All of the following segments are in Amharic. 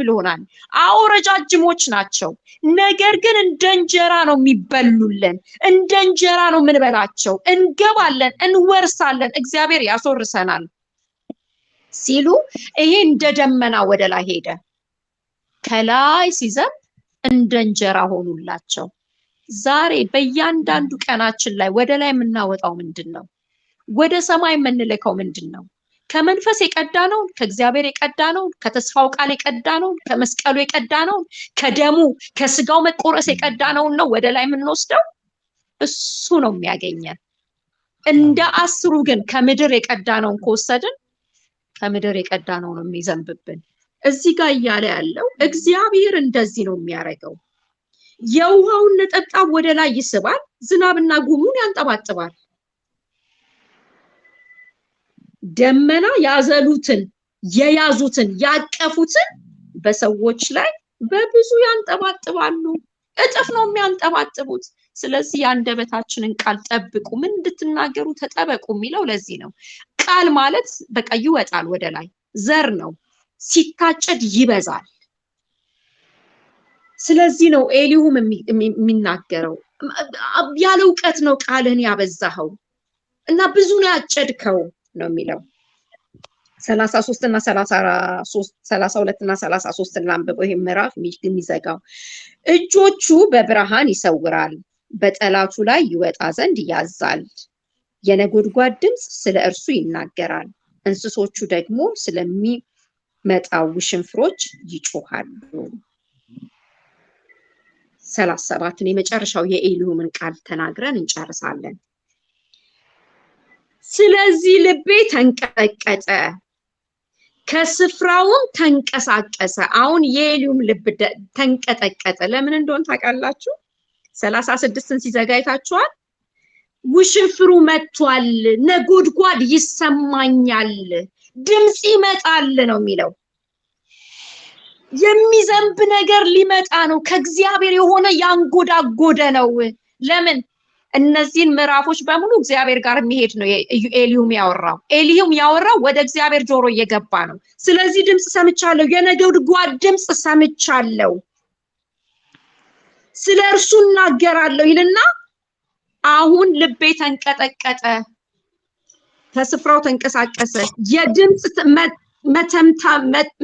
ብሎናል። አዎ ረጃጅሞች ናቸው። ነገር ግን እንደ እንጀራ ነው የሚበሉልን፣ እንደ እንጀራ ነው የምንበላቸው። እንገባለን፣ እንወርሳለን፣ እግዚአብሔር ያስወርሰናል ሲሉ ይሄ እንደ ደመና ወደ ላይ ሄደ። ከላይ ሲዘንብ እንደ እንጀራ ሆኑላቸው። ዛሬ በእያንዳንዱ ቀናችን ላይ ወደ ላይ የምናወጣው ምንድን ነው? ወደ ሰማይ የምንልከው ምንድን ነው? ከመንፈስ የቀዳ ነውን፣ ከእግዚአብሔር የቀዳ ነውን፣ ከተስፋው ቃል የቀዳ ነውን፣ ከመስቀሉ የቀዳ ነውን፣ ከደሙ ከስጋው መቆረስ የቀዳ ነውን ነው ወደ ላይ የምንወስደው። እሱ ነው የሚያገኘን። እንደ አስሩ ግን ከምድር የቀዳ ነውን ከወሰድን ከምድር የቀዳ ነው ነው የሚዘንብብን። እዚህ ጋር እያለ ያለው እግዚአብሔር እንደዚህ ነው የሚያደርገው። የውሃውን ነጠብጣብ ወደ ላይ ይስባል፣ ዝናብና ጉሙን ያንጠባጥባል። ደመና ያዘሉትን የያዙትን ያቀፉትን በሰዎች ላይ በብዙ ያንጠባጥባሉ። እጥፍ ነው የሚያንጠባጥቡት። ስለዚህ የአንደበታችንን ቃል ጠብቁ፣ ምን እንድትናገሩ ተጠበቁ የሚለው ለዚህ ነው። ቃል ማለት በቃ ይወጣል ወደ ላይ ዘር ነው፣ ሲታጨድ ይበዛል። ስለዚህ ነው ኤሊሁም የሚናገረው ያለ እውቀት ነው ቃልህን ያበዛኸው እና ብዙ ነው ያጨድከው ነው የሚለው ሰላሳ ሶስት እና ሰላሳ ሁለት እና ሰላሳ ሶስት ላንብበው ይህ ምዕራፍ የሚዘጋው እጆቹ በብርሃን ይሰውራል፣ በጠላቱ ላይ ይወጣ ዘንድ ያዛል። የነጎድጓድ ድምፅ ስለ እርሱ ይናገራል፣ እንስሶቹ ደግሞ ስለሚመጣው ውሽንፍሮች ይጮሃሉ። ሰላሳ ሰባትን የመጨረሻው የኤሊሁምን ቃል ተናግረን እንጨርሳለን። ስለዚህ ልቤ ተንቀጠቀጠ፣ ከስፍራውም ተንቀሳቀሰ። አሁን የኤሊውም ልብ ተንቀጠቀጠ። ለምን እንደሆን ታውቃላችሁ? ሰላሳ ስድስትን ሲዘጋጅታችኋል። ውሽንፍሩ መጥቷል፣ ነጎድጓድ ይሰማኛል፣ ድምፅ ይመጣል ነው የሚለው። የሚዘንብ ነገር ሊመጣ ነው። ከእግዚአብሔር የሆነ ያንጎዳጎደ ነው። ለምን እነዚህን ምዕራፎች በሙሉ እግዚአብሔር ጋር የሚሄድ ነው ኤሊሁም ያወራው። ኤሊሁም ያወራው ወደ እግዚአብሔር ጆሮ እየገባ ነው። ስለዚህ ድምፅ ሰምቻለሁ፣ የነጎድጓድ ድምፅ ሰምቻለሁ፣ ስለ እርሱ እናገራለሁ ይልና አሁን ልቤ ተንቀጠቀጠ፣ ከስፍራው ተንቀሳቀሰ። የድምፅ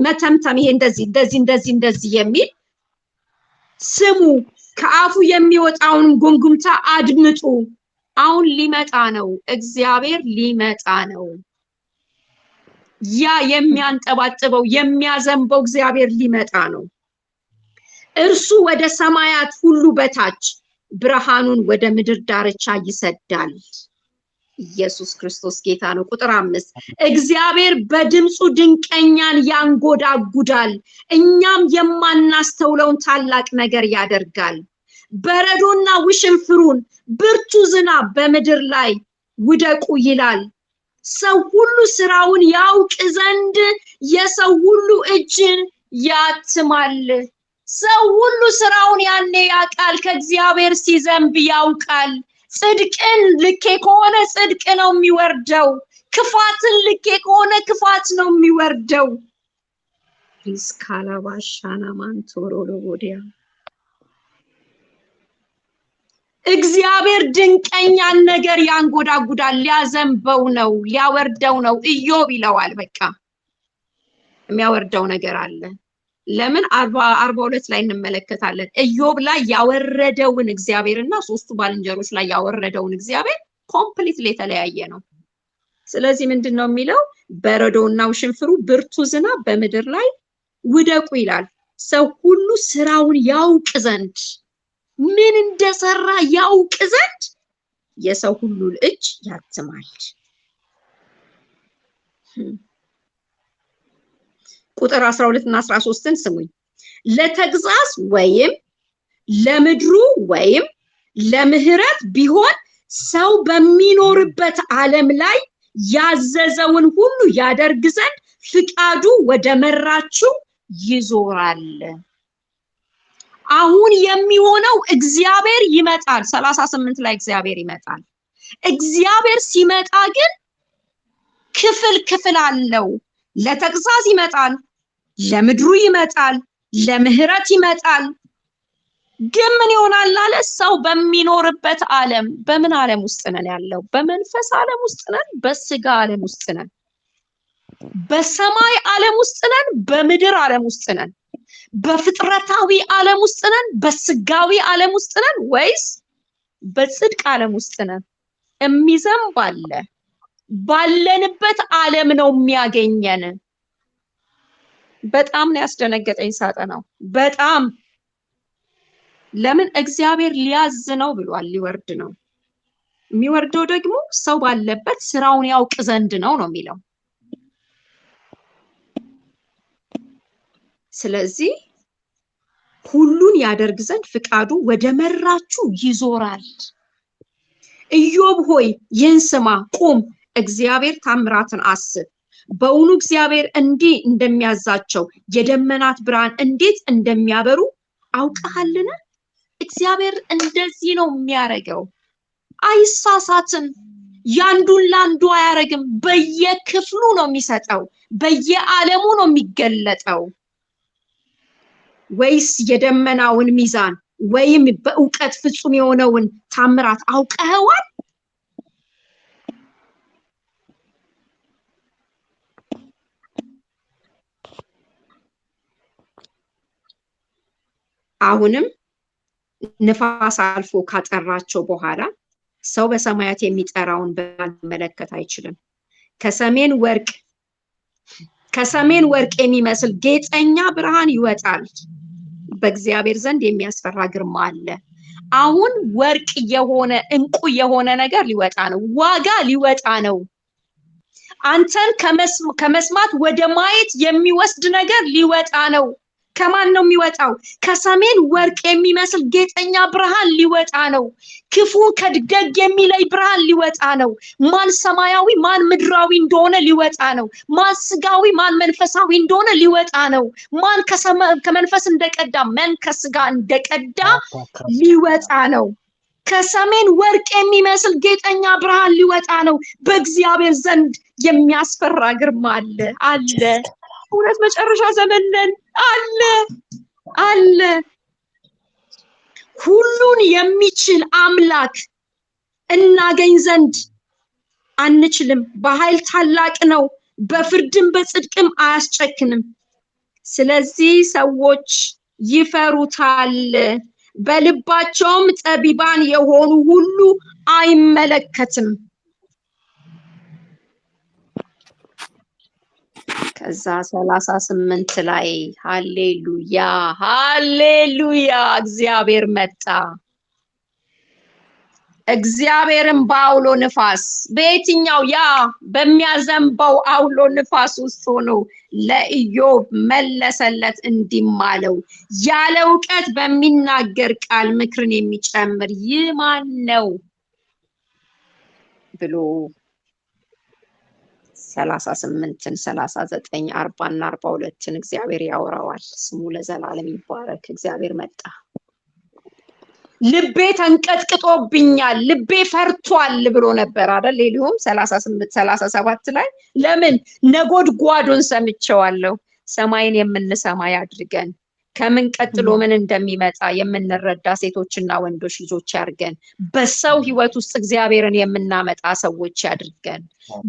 መተምተም ይሄ እንደዚህ እንደዚህ እንደዚህ እንደዚህ የሚል ስሙ ከአፉ የሚወጣውን ጉምጉምታ አድምጡ። አሁን ሊመጣ ነው፣ እግዚአብሔር ሊመጣ ነው። ያ የሚያንጠባጥበው የሚያዘንበው እግዚአብሔር ሊመጣ ነው። እርሱ ወደ ሰማያት ሁሉ በታች ብርሃኑን ወደ ምድር ዳርቻ ይሰዳል። ኢየሱስ ክርስቶስ ጌታ ነው። ቁጥር አምስት እግዚአብሔር በድምፁ ድንቀኛን ያንጎዳጉዳል፣ እኛም የማናስተውለውን ታላቅ ነገር ያደርጋል። በረዶና ውሽንፍሩን ብርቱ ዝናብ በምድር ላይ ውደቁ ይላል። ሰው ሁሉ ስራውን ያውቅ ዘንድ የሰው ሁሉ እጅን ያትማል። ሰው ሁሉ ስራውን ያኔ ያውቃል፣ ከእግዚአብሔር ሲዘንብ ያውቃል። ጽድቅን ልኬ ከሆነ ጽድቅ ነው የሚወርደው። ክፋትን ልኬ ከሆነ ክፋት ነው የሚወርደው። ሪስካላባሻና ማንቶሮሎ ወዲያ እግዚአብሔር ድንቀኛን ነገር ያንጎዳጉዳል፣ ሊያዘንበው ነው፣ ሊያወርደው ነው። ኢዮብ ይለዋል። በቃ የሚያወርደው ነገር አለ። ለምን አርባ ሁለት ላይ እንመለከታለን። እዮብ ላይ ያወረደውን እግዚአብሔር እና ሶስቱ ባልንጀሮች ላይ ያወረደውን እግዚአብሔር ኮምፕሊትሊ የተለያየ ነው። ስለዚህ ምንድን ነው የሚለው? በረዶና ውሽንፍሩ ብርቱ ዝናብ በምድር ላይ ውደቁ ይላል። ሰው ሁሉ ስራውን ያውቅ ዘንድ ምን እንደሰራ ያውቅ ዘንድ የሰው ሁሉ እጅ ያትማል። ቁጥር 12 እና 13ን ስሙኝ። ለተግዛዝ ወይም ለምድሩ ወይም ለምህረት ቢሆን ሰው በሚኖርበት ዓለም ላይ ያዘዘውን ሁሉ ያደርግ ዘንድ ፍቃዱ ወደ መራችው ይዞራል። አሁን የሚሆነው እግዚአብሔር ይመጣል። 38 ላይ እግዚአብሔር ይመጣል። እግዚአብሔር ሲመጣ ግን ክፍል ክፍል አለው። ለተግዛዝ ይመጣል፣ ለምድሩ ይመጣል፣ ለምህረት ይመጣል። ግን ምን ይሆናል አለ ሰው በሚኖርበት ዓለም በምን ዓለም ውስጥ ነን ያለው? በመንፈስ ዓለም ውስጥ ነን፣ በስጋ ዓለም ውስጥ ነን፣ በሰማይ ዓለም ውስጥ ነን፣ በምድር ዓለም ውስጥ ነን፣ በፍጥረታዊ ዓለም ውስጥ ነን፣ በስጋዊ ዓለም ውስጥ ነን ወይስ በጽድቅ ዓለም ውስጥ ነን? የሚዘንብ አለ። ባለንበት ዓለም ነው የሚያገኘን። በጣም ነው ያስደነገጠኝ ሳጠናው። በጣም ለምን እግዚአብሔር ሊያዝ ነው ብሏል፣ ሊወርድ ነው። የሚወርደው ደግሞ ሰው ባለበት ስራውን ያውቅ ዘንድ ነው ነው የሚለው። ስለዚህ ሁሉን ያደርግ ዘንድ ፍቃዱ ወደ መራችሁ ይዞራል። እዮብ ሆይ ይህን ስማ፣ ቁም፣ እግዚአብሔር ታምራትን አስብ በውኑ እግዚአብሔር እንዲህ እንደሚያዛቸው የደመናት ብርሃን እንዴት እንደሚያበሩ አውቀሃልን? እግዚአብሔር እንደዚህ ነው የሚያደርገው። አይሳሳትም። ያንዱን ለአንዱ አያረግም። በየክፍሉ ነው የሚሰጠው፣ በየዓለሙ ነው የሚገለጠው። ወይስ የደመናውን ሚዛን ወይም በእውቀት ፍጹም የሆነውን ታምራት አውቀኸዋል? አሁንም ንፋስ አልፎ ካጠራቸው በኋላ ሰው በሰማያት የሚጠራውን ብርሃን ሊመለከት አይችልም። ከሰሜን ወርቅ ከሰሜን ወርቅ የሚመስል ጌጠኛ ብርሃን ይወጣል። በእግዚአብሔር ዘንድ የሚያስፈራ ግርማ አለ። አሁን ወርቅ የሆነ እንቁ የሆነ ነገር ሊወጣ ነው። ዋጋ ሊወጣ ነው። አንተን ከመስማት ወደ ማየት የሚወስድ ነገር ሊወጣ ነው። ከማን ነው የሚወጣው? ከሰሜን ወርቅ የሚመስል ጌጠኛ ብርሃን ሊወጣ ነው። ክፉ ከደግ የሚለይ ብርሃን ሊወጣ ነው። ማን ሰማያዊ ማን ምድራዊ እንደሆነ ሊወጣ ነው። ማን ስጋዊ ማን መንፈሳዊ እንደሆነ ሊወጣ ነው። ማን ከመንፈስ እንደቀዳ መን ከስጋ እንደቀዳ ሊወጣ ነው። ከሰሜን ወርቅ የሚመስል ጌጠኛ ብርሃን ሊወጣ ነው። በእግዚአብሔር ዘንድ የሚያስፈራ ግርማ አለ አለ። እውነት መጨረሻ ዘመን ነን አለ አለ። ሁሉን የሚችል አምላክ እናገኝ ዘንድ አንችልም። በኃይል ታላቅ ነው፣ በፍርድም በጽድቅም አያስጨክንም። ስለዚህ ሰዎች ይፈሩታል፣ በልባቸውም ጠቢባን የሆኑ ሁሉ አይመለከትም። ከዛ ሰላሳ ስምንት ላይ ሀሌሉያ ሀሌሉያ እግዚአብሔር መጣ። እግዚአብሔርን በአውሎ ንፋስ በየትኛው ያ በሚያዘንበው አውሎ ንፋስ ውስጥ ሆኖ ለኢዮብ መለሰለት፣ እንዲማለው ያለ እውቀት በሚናገር ቃል ምክርን የሚጨምር ይህ ማን ነው ብሎ ሰላሳ ስምንትን ሰላሳ ዘጠኝ አርባና አርባ ሁለትን እግዚአብሔር ያወራዋል። ስሙ ለዘላለም ይባረክ። እግዚአብሔር መጣ። ልቤ ተንቀጥቅጦብኛል፣ ልቤ ፈርቷል ብሎ ነበር አደል? ሌሊሁም ሰላሳ ስምንት ሰላሳ ሰባት ላይ ለምን ነጎድጓዱን ሰምቼዋለሁ። ሰማይን የምንሰማ ያድርገን። ከምን ቀጥሎ ምን እንደሚመጣ የምንረዳ ሴቶችና ወንዶች ልጆች ያድርገን። በሰው ህይወት ውስጥ እግዚአብሔርን የምናመጣ ሰዎች ያድርገን።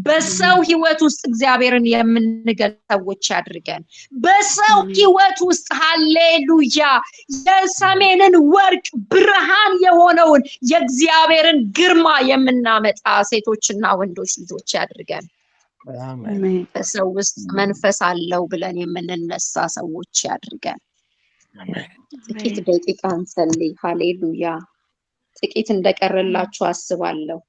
በሰው ህይወት ውስጥ እግዚአብሔርን የምንገል ሰዎች ያድርገን። በሰው ህይወት ውስጥ ሃሌሉያ የሰሜንን ወርቅ ብርሃን የሆነውን የእግዚአብሔርን ግርማ የምናመጣ ሴቶችና ወንዶች ልጆች ያድርገን። በሰው ውስጥ መንፈስ አለው ብለን የምንነሳ ሰዎች ያድርገን። ጥቂት ደቂቃ እንጸልይ። ሀሌሉያ። ጥቂት እንደቀረላችሁ አስባለሁ።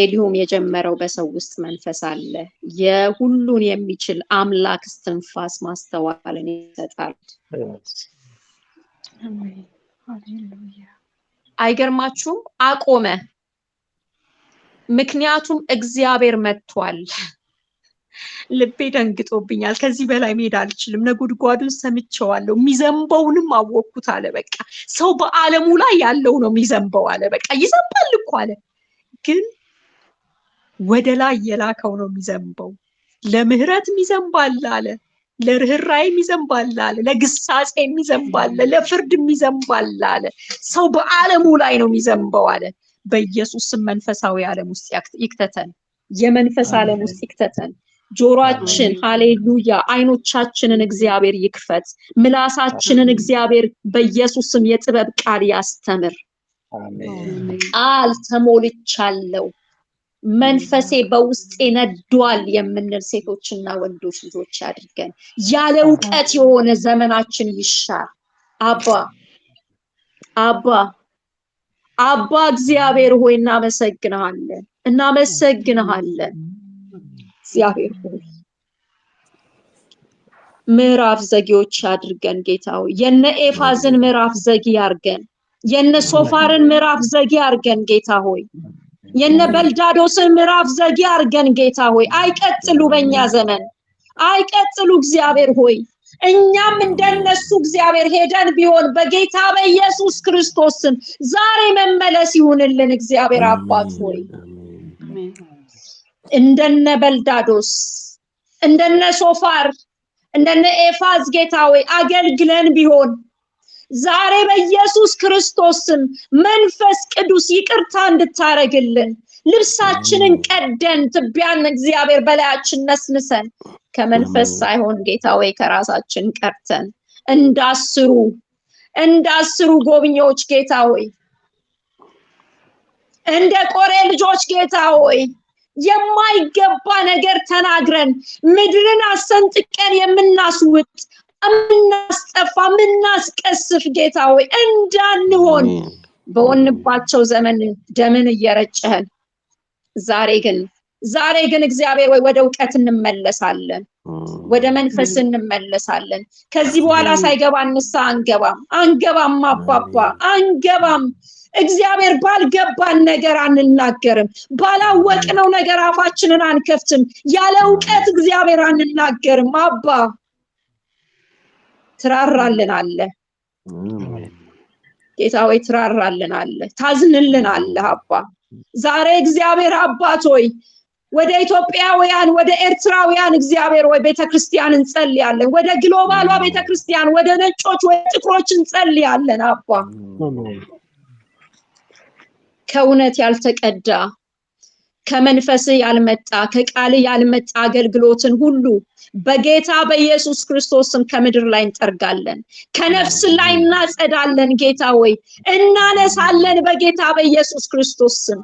ኤሊሁም የጀመረው በሰው ውስጥ መንፈስ አለ። የሁሉን የሚችል አምላክ እስትንፋስ ማስተዋልን ይሰጣል። አይገርማችሁም? አቆመ። ምክንያቱም እግዚአብሔር መጥቷል። ልቤ ደንግጦብኛል። ከዚህ በላይ መሄድ አልችልም። ነጎድጓዱን ሰምቼዋለሁ፣ የሚዘንበውንም አወቅኩት አለ። በቃ ሰው በዓለሙ ላይ ያለው ነው የሚዘንበው አለ። በቃ ይዘንባል እኮ አለ፣ ግን ወደ ላይ የላከው ነው የሚዘንበው። ለምህረት የሚዘንባል አለ፣ ለርኅራይ የሚዘንባል አለ፣ የሚዘንባል አለ። ለፍርድ የሚዘንባል አለ። ሰው በዓለሙ ላይ ነው የሚዘንበው አለ። በኢየሱስም መንፈሳዊ ዓለም ውስጥ ይክተተን፣ የመንፈስ ዓለም ውስጥ ይክተተን። ጆሮአችን ሃሌሉያ፣ አይኖቻችንን እግዚአብሔር ይክፈት። ምላሳችንን እግዚአብሔር በኢየሱስም የጥበብ ቃል ያስተምር። ቃል ተሞልቻለሁ፣ መንፈሴ በውስጤ ነዷል የምንል ሴቶችና ወንዶች ልጆች አድርገን ያለ እውቀት የሆነ ዘመናችን ይሻል አባ አባ አባ እግዚአብሔር ሆይ እናመሰግንሃለን፣ እናመሰግንሃለን እግዚአብሔር ሆይ ምዕራፍ ዘጊዎች አድርገን ጌታ ሆይ የነ ኤፋዝን ምዕራፍ ዘጊ አርገን የነ ሶፋርን ምዕራፍ ዘጊ አርገን ጌታ ሆይ የነ በልዳዶስን ምዕራፍ ዘጊ አርገን ጌታ ሆይ አይቀጥሉ በእኛ ዘመን አይቀጥሉ እግዚአብሔር ሆይ እኛም እንደነሱ እግዚአብሔር ሄደን ቢሆን በጌታ በኢየሱስ ክርስቶስ ዛሬ መመለስ ይሁንልን እግዚአብሔር አባት ሆይ እንደነ በልዳዶስ እንደነ ሶፋር እንደነ ኤፋዝ ጌታዊ አገልግለን ቢሆን ዛሬ በኢየሱስ ክርስቶስም መንፈስ ቅዱስ ይቅርታ እንድታረግልን ልብሳችንን ቀደን ትቢያን እግዚአብሔር በላያችን ነስንሰን ከመንፈስ ሳይሆን ጌታ ወይ ከራሳችን ቀርተን እንዳስሩ እንዳስሩ ጎብኚዎች ጌታ ሆይ እንደ ቆሬ ልጆች ጌታ ሆይ የማይገባ ነገር ተናግረን ምድርን አሰንጥቀን የምናስውጥ የምናስጠፋ የምናስቀስፍ ጌታ ሆይ እንዳንሆን በሆንባቸው ዘመን ደምን እየረጨህን ዛሬ ግን ዛሬ ግን እግዚአብሔር ወይ ወደ እውቀት እንመለሳለን፣ ወደ መንፈስ እንመለሳለን። ከዚህ በኋላ ሳይገባ እንሳ አንገባም አንገባም አባባ አንገባም እግዚአብሔር ባልገባን ነገር አንናገርም። ባላወቅነው ነገር አፋችንን አንከፍትም። ያለ እውቀት እግዚአብሔር አንናገርም። አባ ትራራልን አለ ጌታ ወይ ትራራልን አለ ታዝንልን አለ አባ ዛሬ እግዚአብሔር አባት ሆይ ወደ ኢትዮጵያውያን ወደ ኤርትራውያን እግዚአብሔር ወይ ቤተክርስቲያን እንጸልያለን። ወደ ግሎባሏ ቤተክርስቲያን፣ ወደ ነጮች ወይ ጥቁሮች እንጸልያለን አባ ከእውነት ያልተቀዳ ከመንፈስ ያልመጣ ከቃል ያልመጣ አገልግሎትን ሁሉ በጌታ በኢየሱስ ክርስቶስም ከምድር ላይ እንጠርጋለን፣ ከነፍስ ላይ እናጸዳለን። ጌታ ወይ እናነሳለን፣ በጌታ በኢየሱስ ክርስቶስ ስም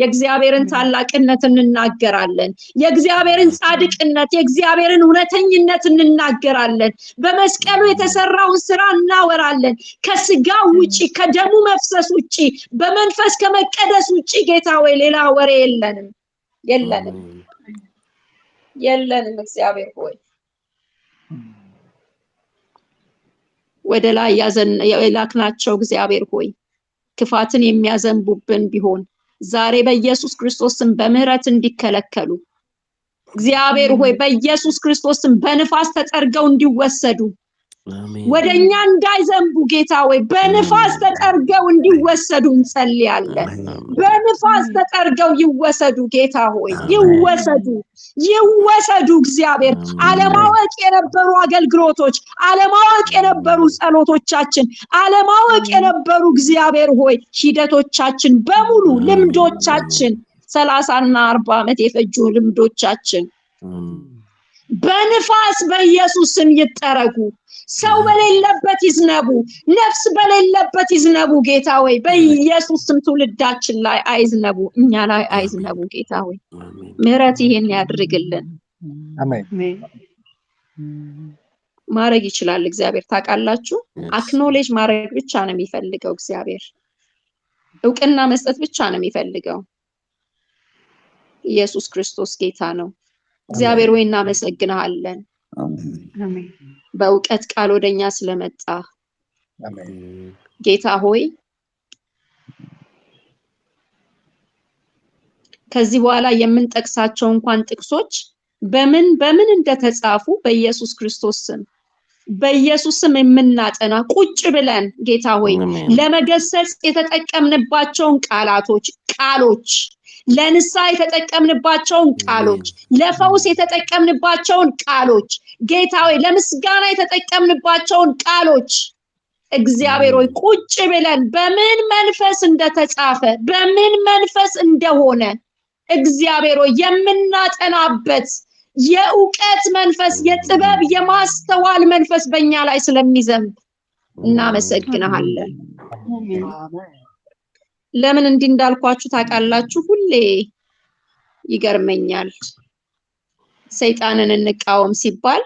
የእግዚአብሔርን ታላቅነት እንናገራለን። የእግዚአብሔርን ጻድቅነት፣ የእግዚአብሔርን እውነተኝነት እንናገራለን። በመስቀሉ የተሰራውን ስራ እናወራለን። ከስጋ ውጪ፣ ከደሙ መፍሰስ ውጪ፣ በመንፈስ ከመቀደስ ውጪ ጌታ ወይ ሌላ ወሬ የለንም የለንም የለንም። እግዚአብሔር ሆይ ወደ ላይ የላክናቸው እግዚአብሔር ሆይ ክፋትን የሚያዘንቡብን ቢሆን ዛሬ በኢየሱስ ክርስቶስን በምህረት እንዲከለከሉ እግዚአብሔር ሆይ በኢየሱስ ክርስቶስን በንፋስ ተጠርገው እንዲወሰዱ ወደ እኛ እንዳይዘንቡ ጌታ ወይ በንፋስ ተጠርገው እንዲወሰዱ እንጸልያለን። በንፋስ ተጠርገው ይወሰዱ ጌታ ሆይ ይወሰዱ ይወሰዱ። እግዚአብሔር አለማወቅ የነበሩ አገልግሎቶች፣ አለማወቅ የነበሩ ጸሎቶቻችን፣ አለማወቅ የነበሩ እግዚአብሔር ሆይ ሂደቶቻችን በሙሉ ልምዶቻችን ሰላሳና አርባ ዓመት የፈጁ ልምዶቻችን በንፋስ በኢየሱስ ስም ይጠረጉ። ሰው በሌለበት ይዝነቡ፣ ነፍስ በሌለበት ይዝነቡ። ጌታ ወይ በኢየሱስ ስም ትውልዳችን ላይ አይዝነቡ፣ እኛ ላይ አይዝነቡ። ጌታ ወይ ምሕረት ይሄን ያድርግልን። ማድረግ ይችላል እግዚአብሔር። ታውቃላችሁ፣ አክኖሌጅ ማድረግ ብቻ ነው የሚፈልገው እግዚአብሔር። እውቅና መስጠት ብቻ ነው የሚፈልገው። ኢየሱስ ክርስቶስ ጌታ ነው። እግዚአብሔር ወይ እናመሰግንሃለን በእውቀት ቃል ወደኛ ስለመጣ ጌታ ሆይ ከዚህ በኋላ የምንጠቅሳቸው እንኳን ጥቅሶች በምን በምን እንደተጻፉ በኢየሱስ ክርስቶስ ስም በኢየሱስ ስም የምናጠና ቁጭ ብለን ጌታ ሆይ ለመገሰጽ የተጠቀምንባቸውን ቃላቶች ቃሎች ለንሳ የተጠቀምንባቸውን ቃሎች፣ ለፈውስ የተጠቀምንባቸውን ቃሎች፣ ጌታ ሆይ ለምስጋና የተጠቀምንባቸውን ቃሎች እግዚአብሔር ሆይ ቁጭ ብለን በምን መንፈስ እንደተጻፈ በምን መንፈስ እንደሆነ እግዚአብሔር ሆይ የምናጠናበት የእውቀት መንፈስ፣ የጥበብ የማስተዋል መንፈስ በእኛ ላይ ስለሚዘንብ እናመሰግናሃለን። ለምን እንዲህ እንዳልኳችሁ ታውቃላችሁ? ሁሌ ይገርመኛል። ሰይጣንን እንቃወም ሲባል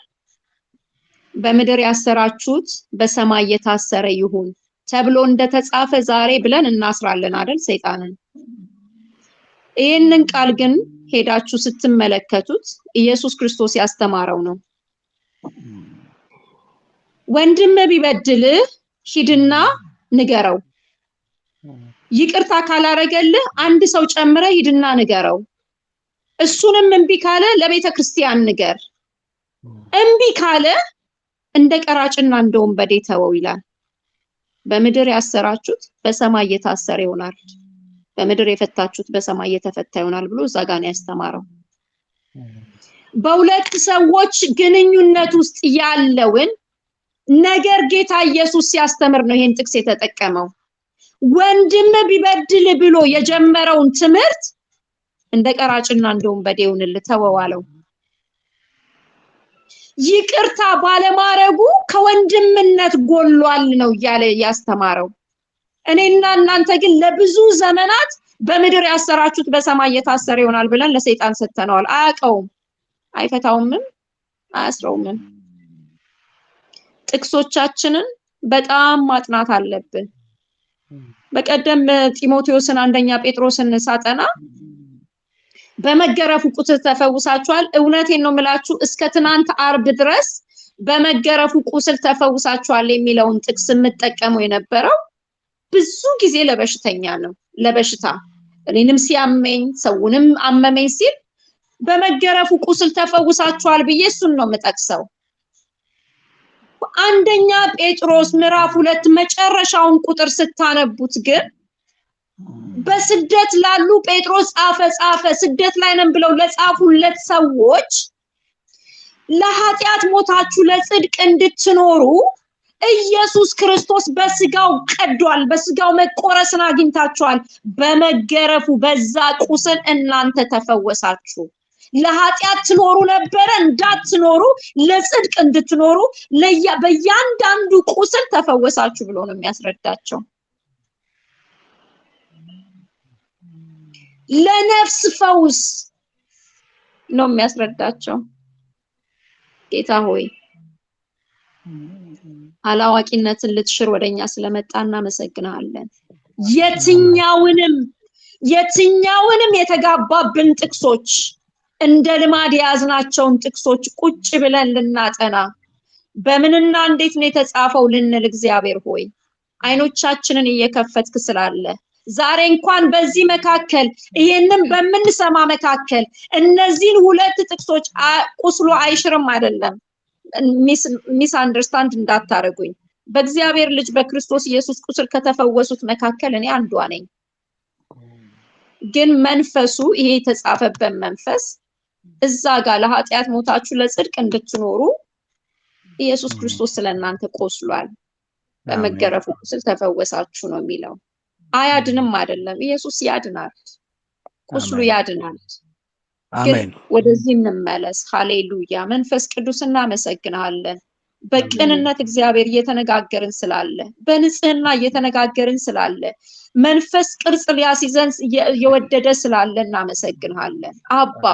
በምድር ያሰራችሁት በሰማይ የታሰረ ይሁን ተብሎ እንደተጻፈ ዛሬ ብለን እናስራለን አይደል? ሰይጣንን። ይህንን ቃል ግን ሄዳችሁ ስትመለከቱት ኢየሱስ ክርስቶስ ያስተማረው ነው። ወንድም ቢበድልህ ሂድና ንገረው ይቅርታ ካላረገልህ አንድ ሰው ጨምረ ሂድና ንገረው። እሱንም እምቢ ካለ ለቤተ ክርስቲያን ንገር። እምቢ ካለ እንደ ቀራጭና እንደ ወንበዴ ተወው ይላል። በምድር ያሰራችሁት በሰማይ እየታሰረ ይሆናል፣ በምድር የፈታችሁት በሰማይ እየተፈታ ይሆናል ብሎ እዛ ነው ያስተማረው። በሁለት ሰዎች ግንኙነት ውስጥ ያለውን ነገር ጌታ ኢየሱስ ሲያስተምር ነው ይህን ጥቅስ የተጠቀመው። ወንድም ቢበድል ብሎ የጀመረውን ትምህርት እንደ ቀራጭና እንደውም በዴውን ልተወዋለው። ይቅርታ ባለማረጉ ከወንድምነት ጎሏል ነው እያለ ያስተማረው። እኔና እናንተ ግን ለብዙ ዘመናት በምድር ያሰራችሁት በሰማይ እየታሰረ ይሆናል ብለን ለሰይጣን ሰተነዋል። አያውቀውም፣ አይፈታውምም፣ አያስረውምም። ጥቅሶቻችንን በጣም ማጥናት አለብን። በቀደም ጢሞቴዎስን አንደኛ ጴጥሮስን ሳጠና በመገረፉ ቁስል ተፈውሳችኋል። እውነቴን ነው የምላችሁ እስከ ትናንት አርብ ድረስ በመገረፉ ቁስል ተፈውሳችኋል የሚለውን ጥቅስ የምጠቀመው የነበረው ብዙ ጊዜ ለበሽተኛ ነው ለበሽታ እኔንም ሲያመኝ ሰውንም አመመኝ ሲል በመገረፉ ቁስል ተፈውሳችኋል ብዬ እሱን ነው የምጠቅሰው። አንደኛ ጴጥሮስ ምዕራፍ ሁለት መጨረሻውን ቁጥር ስታነቡት ግን በስደት ላሉ ጴጥሮስ ጻፈ ጻፈ ስደት ላይ ነን ብለው ለጻፉለት ሰዎች ለኃጢአት ሞታችሁ ለጽድቅ እንድትኖሩ ኢየሱስ ክርስቶስ በስጋው ቀዷል። በስጋው መቆረስን አግኝታችኋል። በመገረፉ በዛ ቁስል እናንተ ተፈወሳችሁ። ለኃጢአት ትኖሩ ነበረ እንዳትኖሩ ለጽድቅ እንድትኖሩ በእያንዳንዱ ቁስል ተፈወሳችሁ ብሎ ነው የሚያስረዳቸው። ለነፍስ ፈውስ ነው የሚያስረዳቸው። ጌታ ሆይ አላዋቂነትን ልትሽር ወደኛ ስለመጣ እናመሰግናለን። የትኛውንም የትኛውንም የተጋባብን ጥቅሶች እንደ ልማድ የያዝናቸውን ጥቅሶች ቁጭ ብለን ልናጠና በምንና እንዴት ነው የተጻፈው ልንል እግዚአብሔር ሆይ አይኖቻችንን እየከፈትክ ስላለ ዛሬ እንኳን በዚህ መካከል ይህንን በምንሰማ መካከል እነዚህን ሁለት ጥቅሶች ቁስሎ አይሽርም አይደለም፣ ሚስ አንደርስታንድ እንዳታደርጉኝ። በእግዚአብሔር ልጅ በክርስቶስ ኢየሱስ ቁስል ከተፈወሱት መካከል እኔ አንዷ ነኝ። ግን መንፈሱ ይሄ የተጻፈበት መንፈስ እዛ ጋር ለኃጢአት ሞታችሁ ለጽድቅ እንድትኖሩ ኢየሱስ ክርስቶስ ስለእናንተ ቆስሏል፣ በመገረፉ ቁስል ተፈወሳችሁ ነው የሚለው። አያድንም አይደለም፣ ኢየሱስ ያድናል፣ ቁስሉ ያድናል። ግን ወደዚህ እንመለስ። ሀሌሉያ። መንፈስ ቅዱስ እናመሰግናለን። በቅንነት እግዚአብሔር እየተነጋገርን ስላለ በንጽህና እየተነጋገርን ስላለ መንፈስ ቅርጽ ሊያስይዘን የወደደ ስላለ እናመሰግንሃለን አባ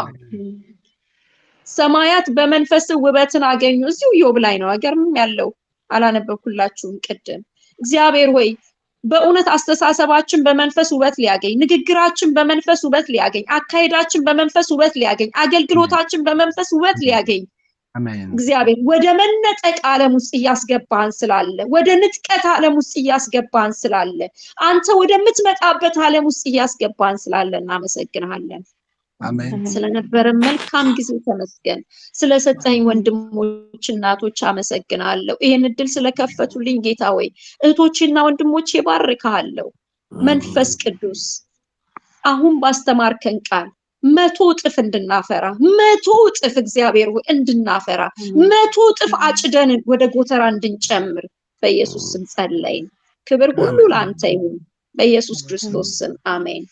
ሰማያት በመንፈስ ውበትን አገኙ እዚሁ ዮብ ላይ ነው አገርም ያለው አላነበብኩላችሁም ቅድም እግዚአብሔር ሆይ በእውነት አስተሳሰባችን በመንፈስ ውበት ሊያገኝ ንግግራችን በመንፈስ ውበት ሊያገኝ አካሄዳችን በመንፈስ ውበት ሊያገኝ አገልግሎታችን በመንፈስ ውበት ሊያገኝ እግዚአብሔር ወደ መነጠቅ ዓለም ውስጥ እያስገባን ስላለ፣ ወደ ንጥቀት ዓለም ውስጥ እያስገባን ስላለ፣ አንተ ወደምትመጣበት ዓለም ውስጥ እያስገባን ስላለ እናመሰግናለን። ስለነበረ መልካም ጊዜ ተመስገን። ስለሰጠኝ ወንድሞች እናቶች አመሰግናለሁ። ይህን እድል ስለከፈቱልኝ ጌታ ወይ እህቶችና ወንድሞች ይባርካለሁ። መንፈስ ቅዱስ አሁን ባስተማርከን ቃል መቶ እጥፍ እንድናፈራ መቶ እጥፍ እግዚአብሔር እንድናፈራ መቶ እጥፍ አጭደን ወደ ጎተራ እንድንጨምር በኢየሱስ ስም ጸለይን። ክብር ሁሉ ለአንተ ይሁን በኢየሱስ ክርስቶስ ስም አሜን።